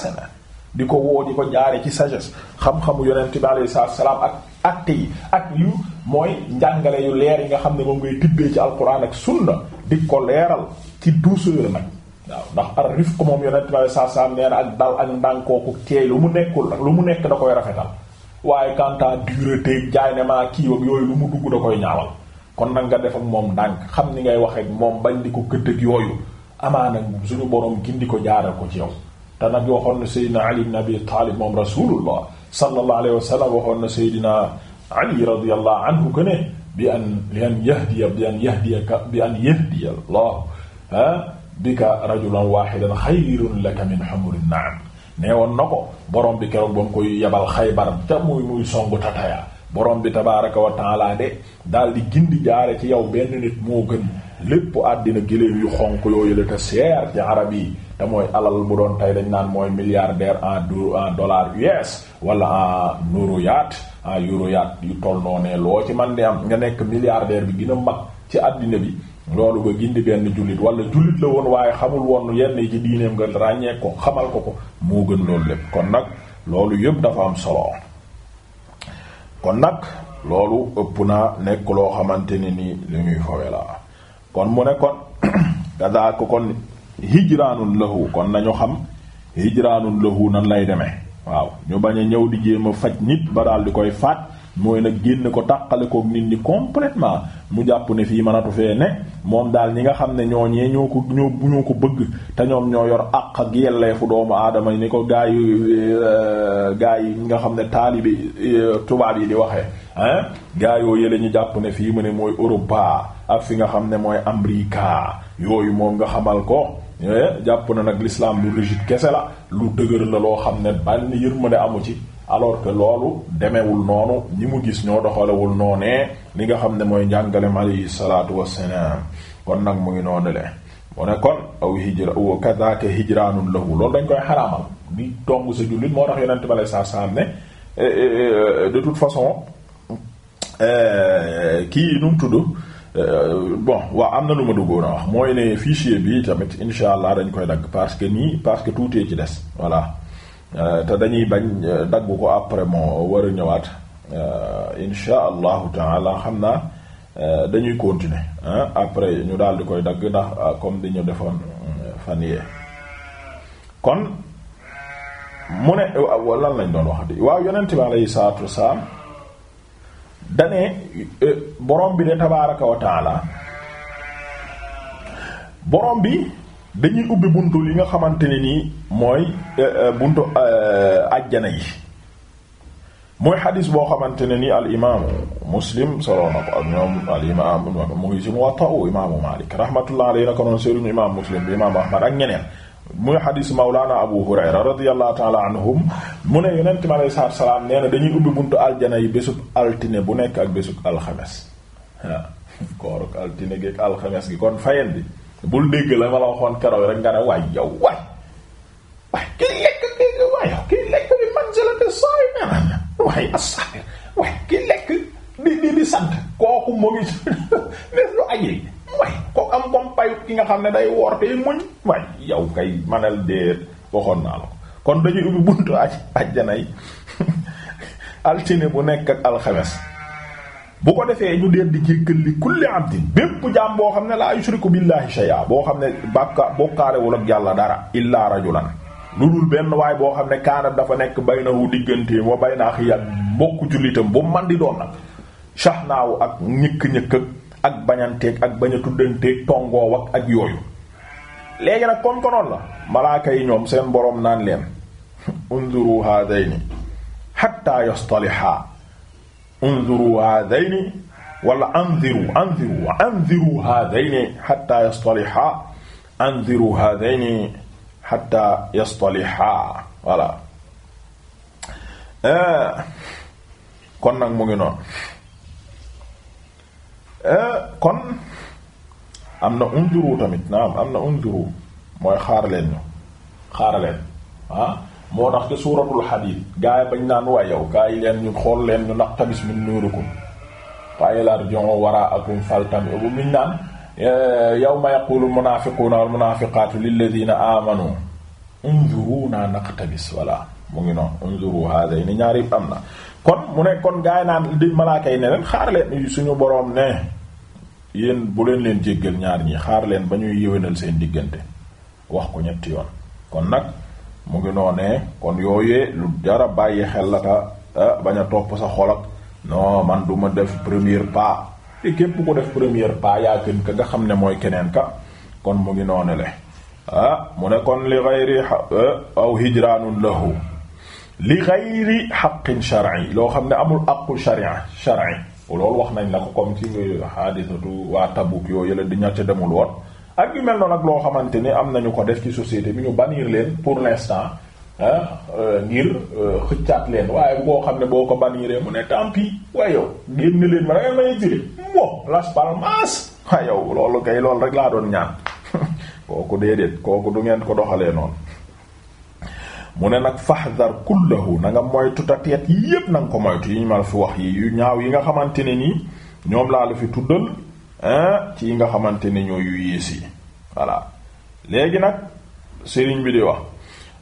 sana di ko woo di ko jaare ci sagesse xam-xamu yonent bi alayhi salaam ak actes yi ak yu mooy njàngale yu leer yi nga xam ne moom ngay tibbee ci alquran ak sunna di ko leeral ci duusayla nag waaw ndax ar rifq moom yonent bi ak dal ak ndànkooku teey mu nekkul lu mu nekk da koy rafetal waaye quanta dureté jaay ne maa kii yooyu lu mu dugg da koy ñaawal kon nag nga def moom ndànk xam ni ngay waxee moom bañ di ko këdd yooyu yooyu amaana suñu borom gindi ko jaaral ko ci yow te nag waxoon na Seydina Ali ibn Abi Taalib moom rasulullah sallallahu alayhi wa sallam waxoon na Seydina Ali radiyallahu anhu que ne bi an li an yahdiya bi an yahdiyaka bi an yahdiya Allah bika rajulan waahidan xayrun laka min humurin na'am nee woon na ko borom bi keroog ba mu koy yabal Xaybar te muy muy songu tataya borom bi tabaaraka wa taala de daal di gindi jaare ci yow benn nit moo gën lépp àddina géléem yu xonq yooyu la te seer ci arab yi te mooy alal bu doon tey dañ naan mooy milliardaire en do en dollar US wala en euroyaat en euroyaat yu toll ne loo ci man di am nga nekk milliardaire bi gën a mag ci àddina bi loolu nga gindi benn jullit wala jullit la woon waaye xamul woon yenn yi ci diineem nga ràññee ko xamal ko ko moo gën loolu lépp kon nag loolu yëpp dafa am solo kon nag loolu ëpp naa nekk loo xamante ne ni li ñuy fawe la kon mu ne kon gadaak kon hijraanun lahu kon nañu xam hijraanun lahu nan lay demee waaw ñu bañ a ñëw di jéem a faj nit ba daal di koy faat mooy nag génn ko tàqale kook nit ñi complètement mu jàpp ne fii mënatu fee ne moom daal ñi nga xam ne ñooñee ñoo ko ñoo ñoo ko bëgg te ñoom ñoo yor àq ak yelleefu doomu aadama ni ko gaa yu euh, gaa yi nga xam ne taalibi euh, tubaab yi di waxee hein yoo yële ñu jàpp ne fii mu ne mooy Europa ak fi nga xam ne mooy Amrika yooyu moom nga xamal ko Eh, jàpp na nag l'islam lu rigide kese la lu dëgër la loo xam ne benn yërmande amu ci alors que loolu demewul noonu ñi mu gis ñoo doxalewul noonee li nga xam ne mooy njàngalem alayhi salaatu wassalaam kon nag mu ngi noonu le mu ne kon aw hijra wa kadaka hijraanun lahu loolu dañ koy xaraamal di tong sa jullit moo tax yonente bi aleye saa salaam ne eh, eh, de toute façon kii nu mu tudd Euh, bon waaw am na lu ma duggoon a wax mooy ne fichier bi tamit insha allah dañ koy dagg parce que nii parce que tuutee ci des voilà euh, te dañuy bañ euh, dagg ko après moo war a ñëwaat insha allahu taala xam naa dañuy continuer après ñu daal di koy dagg ndax comme di ñu defoon fan yee kon mu ne lan lañ doon wax di waaw yonent bi alayhi salaatu wasalaam dane e, borom bi de tabaaraka wa taala borom bi dañuy ubbi buntu li nga xamante ni mooy e, e, buntu ajjana yi mooy xadis boo xamante ne nii al imaamu muslim soloo na ko ak ñoom al imaam mu ngi ci Muwatta imaamu Maalik rahmatullah alayhi na ko noonu sëriñu imaam muslim bi imaamu Ahmad ak ñeneen muy xadiis mawlaana abu hurayra radiyallahu taala anhum mu ne yonent mi alayhi salaatu salaam nee na dañuy ubbi buntu aljana yi bésub altine bu nekk ak bésu alxames waaw kooruk altine gi ak alxames gi kon fayen bi bul dégg la ma la waxoon keroog rek nga ne waay yow waay lekk dégg lekk bi manzilati saa'im sant kooku moo ngi def lu aje am comme payu ki nga xam ne day woor te muñ waaye yow kay manal de waxoon naa la ko kon dañuy ubbi buntu aj altine bu nekk ak alxames bu ko defee ñu deen di jéggal li kulli abdin bépp jaam boo xam ne laa yushriku billahi boo xam ne bàkka bokkaalewul ak yàlla dara illa rajulan lu dul benn waay boo xam ne kaanat dafa nekk baynahu digganteem wa bayna akhi ak mbokku jullitam bu man di doon nag shahnaawu ak ñëkk-ñëkk ak bañanteeg ak bañ a tongoo wak ak yooyu léegi nag comme ko la malaaka yi ñoom seen boroom naan leen unzuru haadayni hatta yastaliha unzuru haadayni wala anziru anziru anziru haadayni hatta yastaliha anziru haadayni hatta eh, kon nag mu ngi noonu Euh, kon am na unzuru tamit naam am na unzuru mooy xaar leen ñu xaar leen ah moo tax te suuratul Hadiid gaa yi bañ naan waa yow gaa yi leen ñu xool leen ñu naqtabis min nuurikum fa idhaa rji'uu waraa'akum faltami'uu buñ naan euh, yawma yaqulu munaafiquuna wal munaafiqaatu lilladiina aamanuu unzuruunaa naqtabis voilà mu ngi noonu unzuru haadayni ñaari am na. kon mu ne kon gaay naan di malaaka yi ne leen xaar suñu boroom ne yéen bu leen leen jéggal ñaar ñi xaar leen ba ñuy yéwénal seen diggante wax ko ñetti yoon kon nag mu ngi noonee kon yooyee lu jara bàyyi xel la ka bañ a topp sa xol ak man duma def premier pas te képp ko def premier pas yaa gën ka nga xam ne mooy keneen ka kon mu ngi noone le ah mu ne kon li xayri eh, aw hijraanun lahu li gayri xaqin shar'i loo xam ne amul aqu sharia shar'i loolu wax nañ la ko comme ci xaadisatu waa Tabuk yooyu la di ña ca demul woon ak yu mel noonu ak loo xamante ni am nañu ko def ci société bi ñu bannir leen pour l'instant ah euh, ngir euh, xëccaat leen waaye boo xam ne boo ko banniree mu ne tant pis waaye yow génn leen ma dangay may jëlee mo Las Palmas waaye yow loolu kay loolu rek laa doon ñaan kooku déedéet kooku du ngeen ko doxalee noonu. mu ne nag fahdar kullahu na nga moytu ta teet yi yépp na ko moytu yi ñu ma la fi wax yi yu ñaaw yi nga xamante ne nii ñoom laa la fi tuddal ci yi nga xamante ne ñoo yu yées yi voilà léegi nag sëriñ bi di wax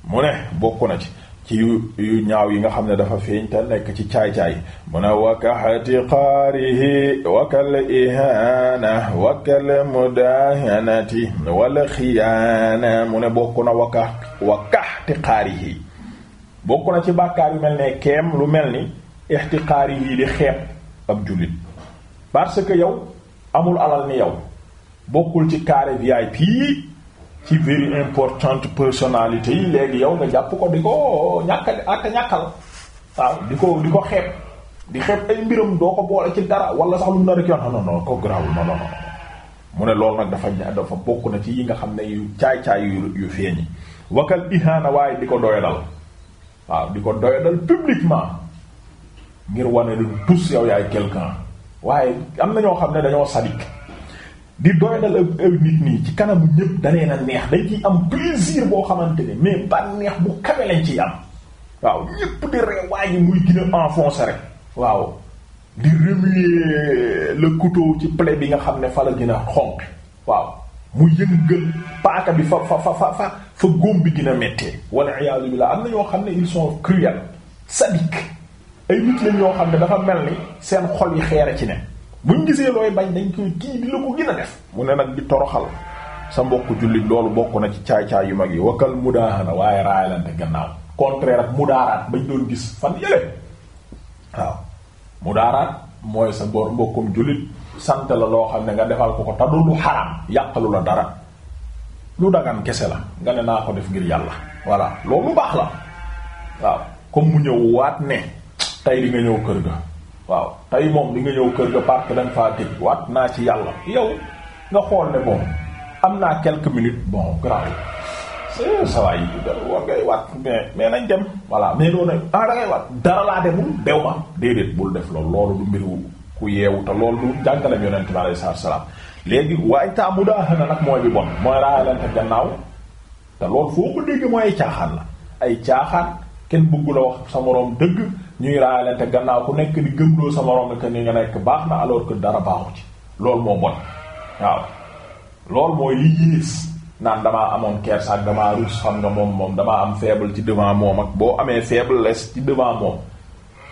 mu ne bokk na ci ci yu ñaaw yi nga xam ne dafa feeñ te nekk ci caay-caay mu ne wakkaxtiqaarihi wakal ihaana wakal mudahanati wala xiyaana mu ne bokk na wakka wakkaxtiqaarihi bokk na ci bàkkaar yu mel ne keem lu mel ni ixtiqaarihi di xeeb ab jullit parce que yow amul alal ni yow bokkul ci carré VIP ci very importante personnalité yi léegi yow nga jàpp ko di ko ñàkk ak ñàkkal waaw di ko di ko xeeb di xeeb ay mbiram doo ko boole ci dara wala sax lu mu na rek yoon xam non non ko grawul non non mu ne lool nag dafa dafa bokk na ci yi nga xam ne yu caay-caay yu yu feeñi wakal ihaana waaye di ko doyadal waaw di ko doyadal publiquement ngir wane lu tus yow yaay quelqu'un waaye am na ñoo xam ne dañoo sadik di doylal ak ay nit nii ci kanam ñëpp da a neex dañ ciy am plaisir boo xamante ne mais ban neex bu kawe lañ ci am waaw ñëpp di ree waa ji muy gën a enfoncé rek waaw di remuer le couteau ci plaie bi nga xam ne fa la gën a xonq waaw mu yëngal paaka bi fa fa fa fa fa fa góom bi gën a méttee wala iyaazu billah am na yoo xam ne ils sont cruels sadiques ay nit lañ ñoo xam ne dafa mel ni seen xol yi xeera a ci ne buñ gisee looy bañ dañ koy kii di la ko gën a def mu ne nag di toroxal sa mbokk jullit loolu bokk na ci caay-caay yu mag yi wakkal mudaahana waaye raayalante gannaaw contraire ak mudaaraat bañ doon gis fan yële waaw mooy sa bor mbokkum jullit sant la loo xam ne nga defal ko ko taddu lu xaraam yàqalu la dara lu dagan kese la nga ne naa ko def ngir yàlla voilà loolu baax la waaw comme mu ñëw waat ne tey di ñëw kër ga waaw tey moom di nga ñëw kër ga park dañ faa tëj waat naa ci yàlla yow nga xool ne bon am naa quelques minutes bon grave sawaay yi da war waat mais mais nañ dem voilà mais doona ah da waat dara laa demul dew ma déedéet bul def loolu loolu du mbiru ku yeewu te loolu du jàngalem yonente bi alayhi salaam léegi waaye ta mudaaxana nag mooy bi bon mooy raayalante gannaaw te loolu foo ko dégg mooy ay caaxaan la ay caaxaan kenn bëggu la dëgg ñuy raayalante gannaaw ku nekk di gëmloo sa morom que ni nga nekk baax na alors que dara baaxu ci loolu moo bon waaw loolu mooy li yées naan damaa amoon kersa ak damaa ruus xam nga moom moom damaa am faible ci devant moom ak boo amee les ci devant moom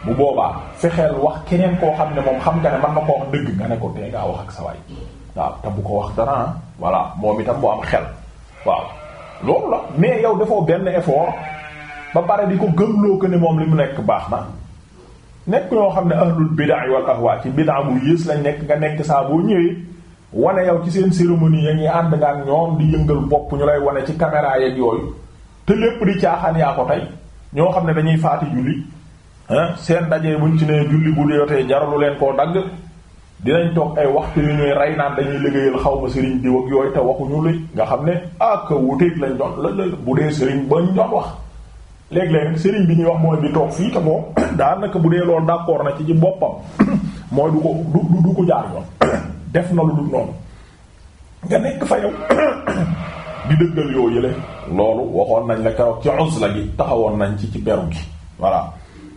mu boobaa fexeel wax keneen koo xam ne moom xam nga ne man na koo wax dëgg nga ne ko tee ngaa wax ak sa waay waaw te bu ko wax dara voilà moom itam bu am xel waaw loolu la mais yow defoo benn effort ba pare di ko gëmloo ko ne moom li mu nekk baax na nekk ñoo xam ne ahlul bid'a wal ahwa ci bid'a bu yées lañ nekk nga nekk saa boo ñëwee wane yow ci seen cérémonie ya ñuy ànd nga ak ñoom di jëngal bopp ñu lay wane ci caméra yeeg yooyu te lépp di caaxaan yaa ko tey ñoo xam ne dañuy faati julli ah seen dajee buñ ci nee julli bu yotee jaralu leen koo dagg dinañ toog ay waxtu yu ñuy rey naan dañuy liggéeyal xaw ma sëriñ diw ak yooyu te waxuñu li nga xam ne ak ah, wuteeg lañ doon la bu dee sëriñ bañ doon wax léeg-léeg sëriñ bi ñuy wax mooy bi toog fii te moom daanaka bu dee loolu d'accord na ci ci boppam mooy du ko du du ko jaar def na lu dul noonu nga nekk fa yow di dëggal yoo yële loolu waxoon nañ la kaw ci uzla gi taxawoon nañ ci ci beru gi voilà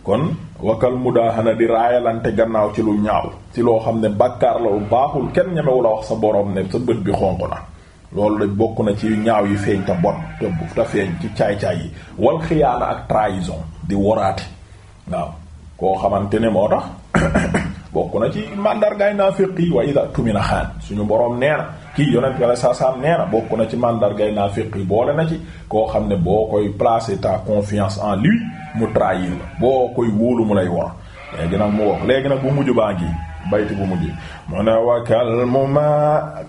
kon wakal mudahana di raayalante gannaaw ci lu ñaaw ci loo xam ne bàkkaar la baaxul kenn ñemewu la wax sa borom ne sa bët bi xonq na loolu dañ bokk na ci ñaaw yi feeñ te bon te te feeñ ci caay-caay yi wal xiyaana ak trahison di woraate waaw koo xamante ne moo tax bokk na ci mandargaay naafiq yi wa ida suñu boroom nee kii yonent bi saa bokk na ci mandargaay naafiq yi boole na ci koo xam ne boo koy placer ta confiance en lui mu trahir la boo koy wóolu mu lay wor léegi nag mu wax léegi nag bu mujj baa ngi baytu bu mujj mu ne wakal mu ma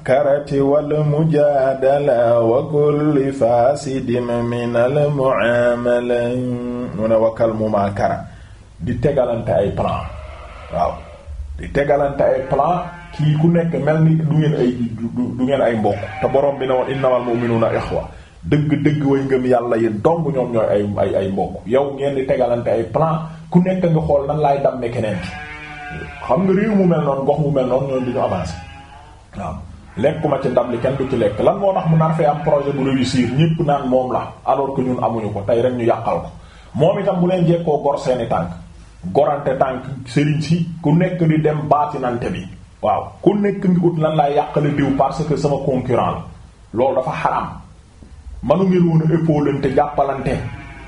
karati wal mujaadala wa kulli fasidin min al muamala mu ne wakal mu ma kara di tegalante ay plan waaw di tegalante ay plan kii ku nekk mel ni du ngeen ay du ngeen ay mbokk te borom bi ne woon innamal mu'minuna ikhwa dëgg-dëgg way ngëm yàlla yi dong ñoom ñooy ay mbokk yow ngeen di tegalante ay plan ku nekk nga xool nan laay damme keneen ki xam nga réew mu mel noonu gox mu mel noonu ñoom du ñu avancé waaw lekkuma ci ndab li kenn du ci lekk lan moo tax mu nar fee am projet bu réussir ñépp naan moom la alors que ñun amuñu ko tey rek ñu yàqal ko moom itam bu leen jekkoo gor seeni tànk gorante tànk sëriñ si ku nekk di dem baatinante bi waaw ku nekk ngi ut lan laay yàqale diw parce que sama concurrent la loolu dafa xaram manu ngeen woon a épaulante jàppalante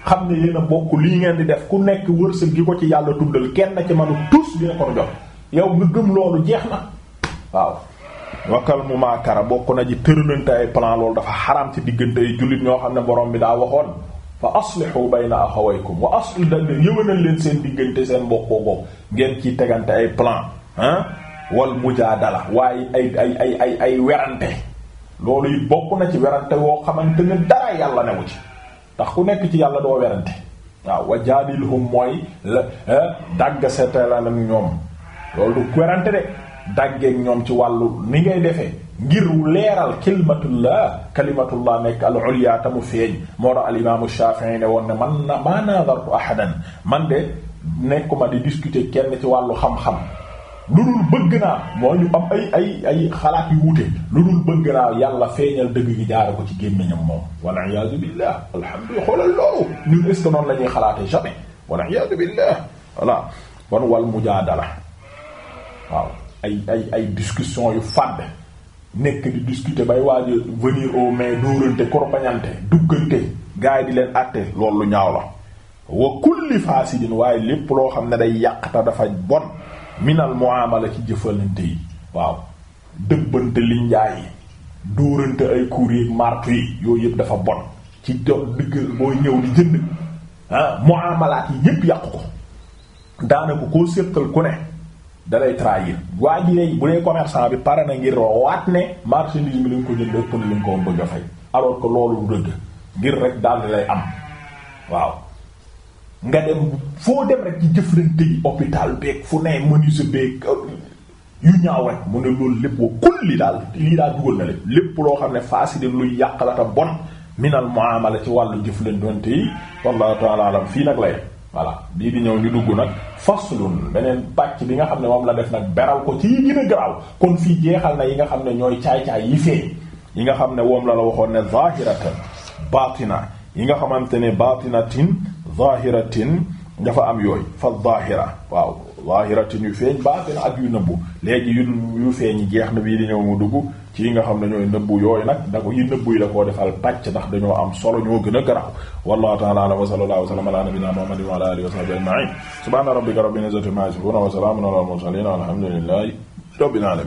xam ne yéen a bokk lii ngeen di def ku nekk wërsëg gi ko ci yàlla tuddal kenn ci manu tous dina ko jox yow nga gëm loolu jeex na waaw wakal mu maakara bokk na ji tëralante ay plan loolu dafa xaraam ci diggante ay jullit ñoo xam ne borom bi daa waxoon fa aslihu bayna axawaykum wa asl da yëwanal leen seen diggante seen bokkoo boobu ngeen ciy tegante ay plan ah wal mujaadala waaye ay ay ay ay ay werante loolu yi bokk na ci werante woo xamante ne dara yàlla newu ci tax ku nekk ci yàlla doo werante waaw wa jaadilhum mooy la dàgg seetalan ak ñoom loolu du werante de dàggeek ñoom ci wàllu ni ngay defee ngir leeral kalimatullah kalimatullah nekk al ulya tamu feeñ moo tax al imaamu Shafi'i ne woon ne man na maa nadartu ahadan man de nekkuma di discuter kenn ci wàllu xam-xam lu dul bëgg naa moo ñu am ay ay ay xalaat yu wuute lu dul bëgg naa yàlla feeñal dëgg gi jaare ko ci gémmiñam moom walla iyaazu billah alhamdulilah xoolal loolu ñun est ce que la ñuy xalaate jamais walla iyaazu billah voilà kon wal mujaadala waaw ay ay ay discussion yu fàdd nekk di discuter bay waaj venir au mais dóorante duggante gars yi di leen àtte loolu lu ñaaw la wa kulli faasidin waaye lépp loo xam ne day yàq te dafa bon minal muamala ci jëfalante yi waaw dëbbante liñ jaay yi dóorante ay kuréel marto yi yooyu yëpp dafa bon ci do digg booy ñëw di jënd ah muamalaat yi yëpp yàqu ko daanaka koo séqal ku ne dalay trahir waa ji lay bu dee commerçant bi pare na ngir waat ne marché bi lañ ko jënd ëpp na lañ bëgg a fay alors que loolu du dëgg ngir rek daal di lay am waaw nga dem foo dem rek ci jëflante yi hôpital beeg fu ne menuisier beeg euh, yu ñaaw rek mu ne loolu lépp wa kulli daal lii daal dugal na lépp lépp loo xam ne faaside luy yàq la ta bon minal muamala ci wàllu jëflante yi wallahu ta'ala alam fii nag lay voilà bii di ñëw ñu dugg nag faslun beneen pàcc bi nga xam ne moom la def nag beral ko ci yi gën a garaaw kon fii jeexal na yi nga xam ne ñooy caay-caay yi feeñ yi nga xam ne woom la la waxoon ne zahiratan batina yi nga xamante ne batinatin zahiratin dafa am yooyu fa zahira waaw zahiratin yu feeñ baatin ak yu nëbbu léegi yu yu feeñ jeex na bii di ñëw mu dugg ci nga xam ne ñooy nëbbu yooyu nag da ko yi nëbbu yi la koo defal pàcc ndax dañoo am solo ñoo gën a garaw wallahu ta'ala a'lam wa sallallahu wa sallama ala nabiyyina muhammadin wa ala alihi wa sahbihi ajma'in subhana rabbika rabbil izzati amma alhamdulillahi rabbil alamin